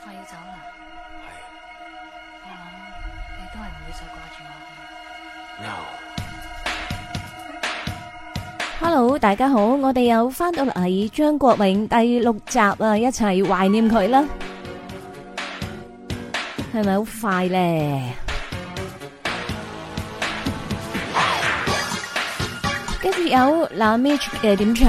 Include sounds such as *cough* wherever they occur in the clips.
我快要走啦，係。我諗你都係唔會再掛住我嘅。No。Hello，大家好，我哋又翻到嚟張國榮第六集啊，一齊懷念佢啦。係咪好快咧？跟住有，Mitch 嘅點唱。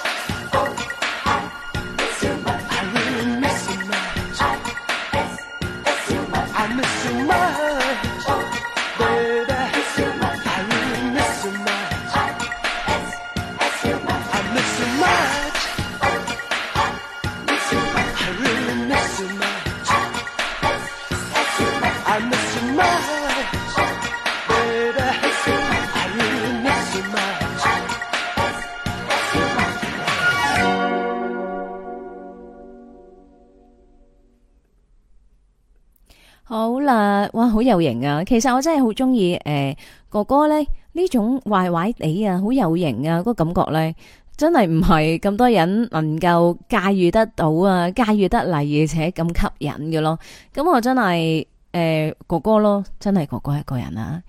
好有型啊！其實我真係好中意誒哥哥咧呢種壞壞地啊，好有型啊，嗰個感覺咧真係唔係咁多人能夠駕馭得到啊，駕馭得嚟，而且咁吸引嘅咯。咁我真係誒哥哥咯，真係哥哥一個人啦。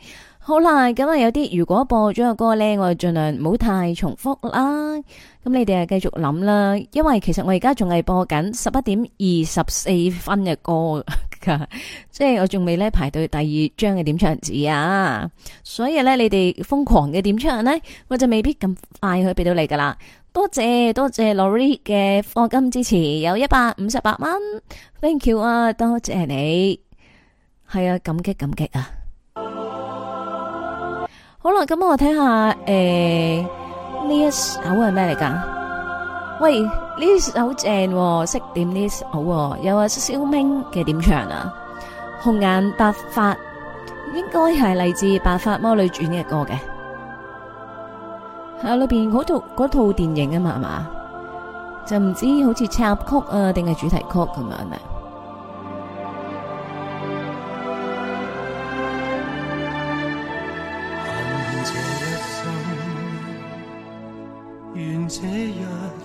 好啦，咁啊有啲如果播咗個歌咧，我就盡量唔好太重複啦。咁你哋啊繼續諗啦，因為其實我而家仲係播緊十一點二十四分嘅歌。 *laughs* 即係我仲未咧排到第二張嘅點唱紙啊，所以咧你哋瘋狂嘅點唱呢，我就未必咁快去俾到你噶啦。多謝多謝 Lori 嘅課金支持，有一百五十八蚊。Thank you 啊，多謝你，係啊，感激感激啊。好啦，咁我睇下誒呢一首係咩嚟噶？喂，呢首正，識點呢首，有阿蕭明嘅點唱啊，《紅顏白髮》應該係嚟自《白髮魔女傳》嘅歌嘅，喺裏邊嗰套嗰套電影啊嘛，係嘛，就唔知好似插曲啊定係主題曲咁樣啊。啊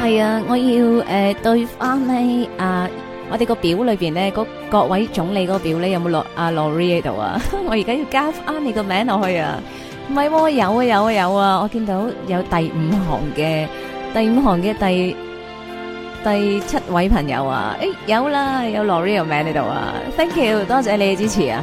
係啊，我要誒、呃、對翻你啊！我哋個表裏邊咧，各位總理嗰個表咧，有冇落阿羅瑞喺度啊？ *laughs* 我而家要加翻你個名落去啊！唔係喎，有啊有啊有啊，有啊！我見到有第五行嘅第五行嘅第第七位朋友啊！誒、欸，有啦，有羅瑞個名喺度啊！Thank you，多謝你嘅支持啊！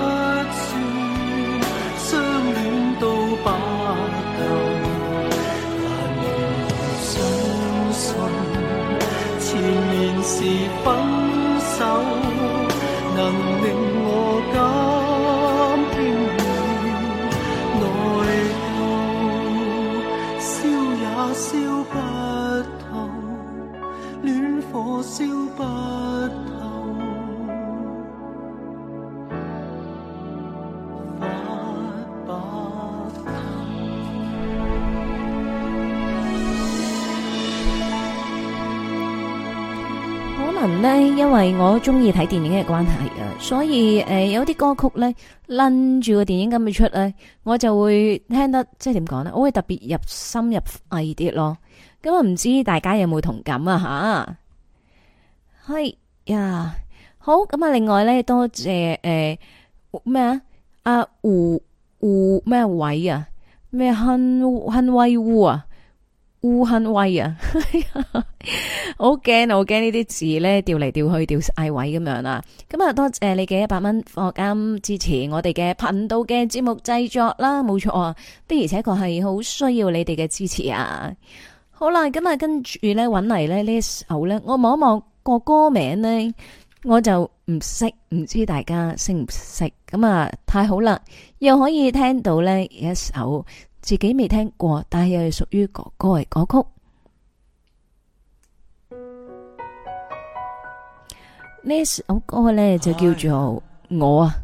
呢，因為我中意睇電影嘅關係啊，所以誒、呃、有啲歌曲咧，拎住個電影咁樣出咧，我就會聽得即係點講咧，我會特別入心入肺啲咯。咁啊，唔知道大家有冇同感啊？吓，係呀，好咁啊。另外咧，多謝誒咩、呃、啊？阿胡胡咩偉啊？咩恨亨偉胡啊？烏哼威啊， *laughs* 好驚好驚呢啲字咧，調嚟調去調晒位咁樣啦。咁啊，多謝你嘅一百蚊課金支持我哋嘅頻道嘅節目製作啦，冇錯啊。的而且確係好需要你哋嘅支持啊。好啦，咁啊，跟住咧揾嚟咧呢一首咧，我望一望個歌名咧，我就唔識，唔知大家識唔識。咁啊，太好啦，又可以聽到咧一首。自己未聽過，但係又係屬於哥哥嚟歌曲。呢首歌呢就叫做我啊。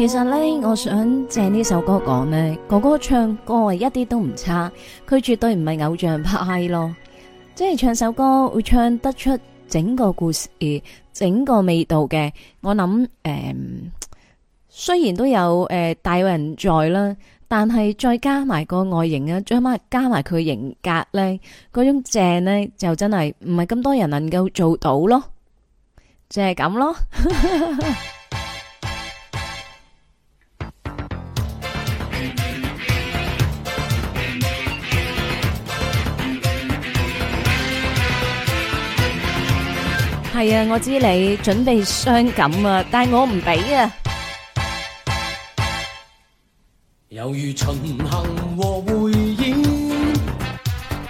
其實呢，我想借呢首歌講呢，哥哥唱歌係一啲都唔差，佢絕對唔係偶像派咯，即係唱首歌會唱得出整個故事，整個味道嘅。我諗誒、嗯，雖然都有誒、呃、大有人在啦，但係再加埋個外形啊，最起碼加埋佢嘅型格呢，嗰種正呢，就真係唔係咁多人能夠做到咯，就係、是、咁咯。 *laughs* 係啊，我知你準備傷感啊，但係我唔俾啊。猶如巡行和回憶，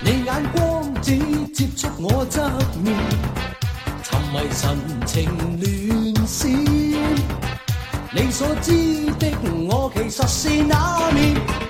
你眼光只接觸我側面，沉迷神情亂閃，你所知的我其實是哪面。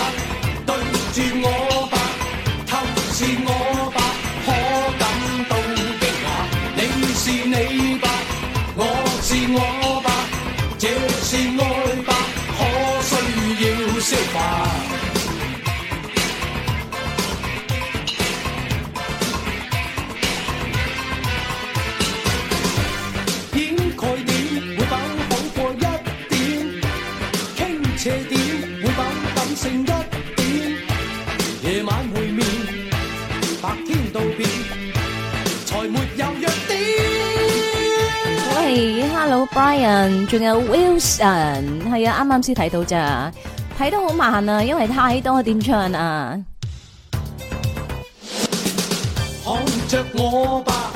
Ryan，仲有 Wilson，係啊，啱啱先睇到咋，睇得好慢啊，因為太多點唱啊。看着我吧，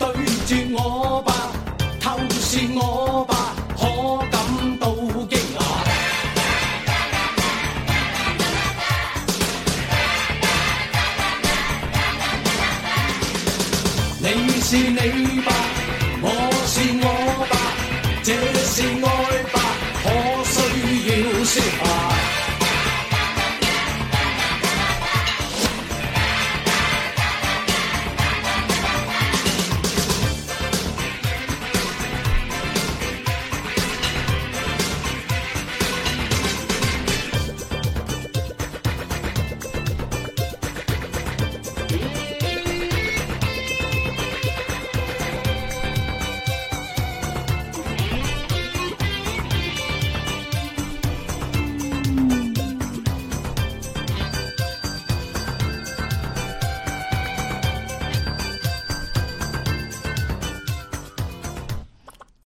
對住我吧，透視我吧。